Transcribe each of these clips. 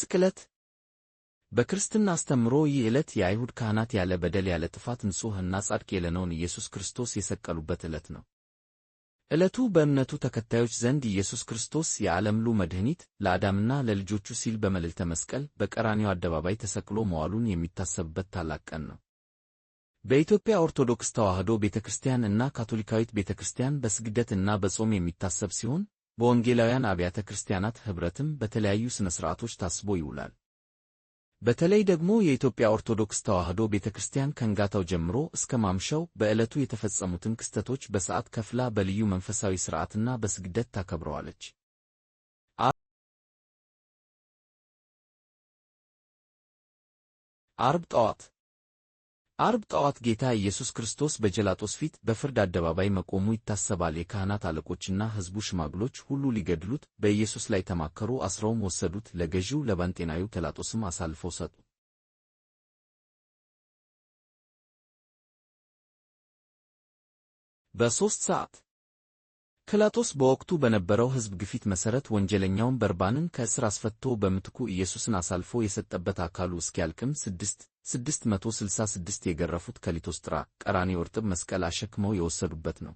ስቅለት በክርስትና አስተምሮ ይህ ዕለት የአይሁድ ካህናት ያለ በደል ያለ ጥፋት ንጹሕ እና ጻድቅ የለነውን ኢየሱስ ክርስቶስ የሰቀሉበት ዕለት ነው። ዕለቱ በእምነቱ ተከታዮች ዘንድ ኢየሱስ ክርስቶስ የዓለም ሁሉ መድኃኒት ለአዳምና ለልጆቹ ሲል በመልዕልተ መስቀል በቀራኒው አደባባይ ተሰቅሎ መዋሉን የሚታሰብበት ታላቅ ቀን ነው። በኢትዮጵያ ኦርቶዶክስ ተዋሕዶ ቤተ ክርስቲያን እና ካቶሊካዊት ቤተ ክርስቲያን በስግደት እና በጾም የሚታሰብ ሲሆን በወንጌላውያን አብያተ ክርስቲያናት ኅብረትም በተለያዩ ሥነ ሥርዓቶች ታስቦ ይውላል። በተለይ ደግሞ የኢትዮጵያ ኦርቶዶክስ ተዋሕዶ ቤተ ክርስቲያን ከንጋታው ጀምሮ እስከ ማምሻው በዕለቱ የተፈጸሙትን ክስተቶች በሰዓት ከፍላ በልዩ መንፈሳዊ ሥርዓትና በስግደት ታከብረዋለች። አርብ ጠዋት አርብ ጠዋት ጌታ ኢየሱስ ክርስቶስ በጀላጦስ ፊት በፍርድ አደባባይ መቆሙ ይታሰባል። የካህናት አለቆችና ሕዝቡ ሽማግሎች ሁሉ ሊገድሉት በኢየሱስ ላይ ተማከሩ። አስረውም ወሰዱት፣ ለገዢው ለባንጤናዊው ጲላጦስም አሳልፈው ሰጡ። በሦስት ሰዓት ጲላጦስ በወቅቱ በነበረው ሕዝብ ግፊት መሠረት ወንጀለኛውን በርባንን ከእስር አስፈትቶ በምትኩ ኢየሱስን አሳልፎ የሰጠበት አካሉ እስኪያልቅም ስድስት ስድስት የገረፉት ከሊቶስጥራ ቀራኒዮ እርጥብ መስቀል አሸክመው የወሰዱበት ነው።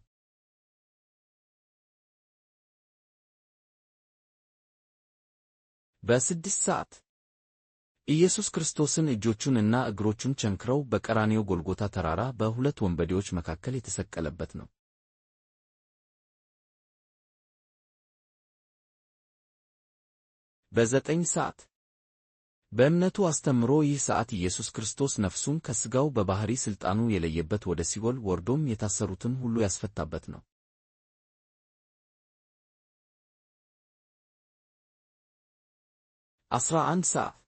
በስድስት ሰዓት ኢየሱስ ክርስቶስን እጆቹን እና እግሮቹን ቸንክረው በቀራኒዮ ጎልጎታ ተራራ በሁለት ወንበዴዎች መካከል የተሰቀለበት ነው። በዘጠኝ ሰዓት በእምነቱ አስተምሮ ይህ ሰዓት ኢየሱስ ክርስቶስ ነፍሱን ከሥጋው በባሕሪ ሥልጣኑ የለየበት ወደ ሲኦል ወርዶም የታሰሩትን ሁሉ ያስፈታበት ነው። ዐሥራ አንድ ሰዓት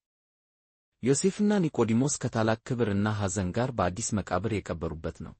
ዮሴፍና ኒቆዲሞስ ከታላቅ ክብርና ሐዘን ጋር በአዲስ መቃብር የቀበሩበት ነው።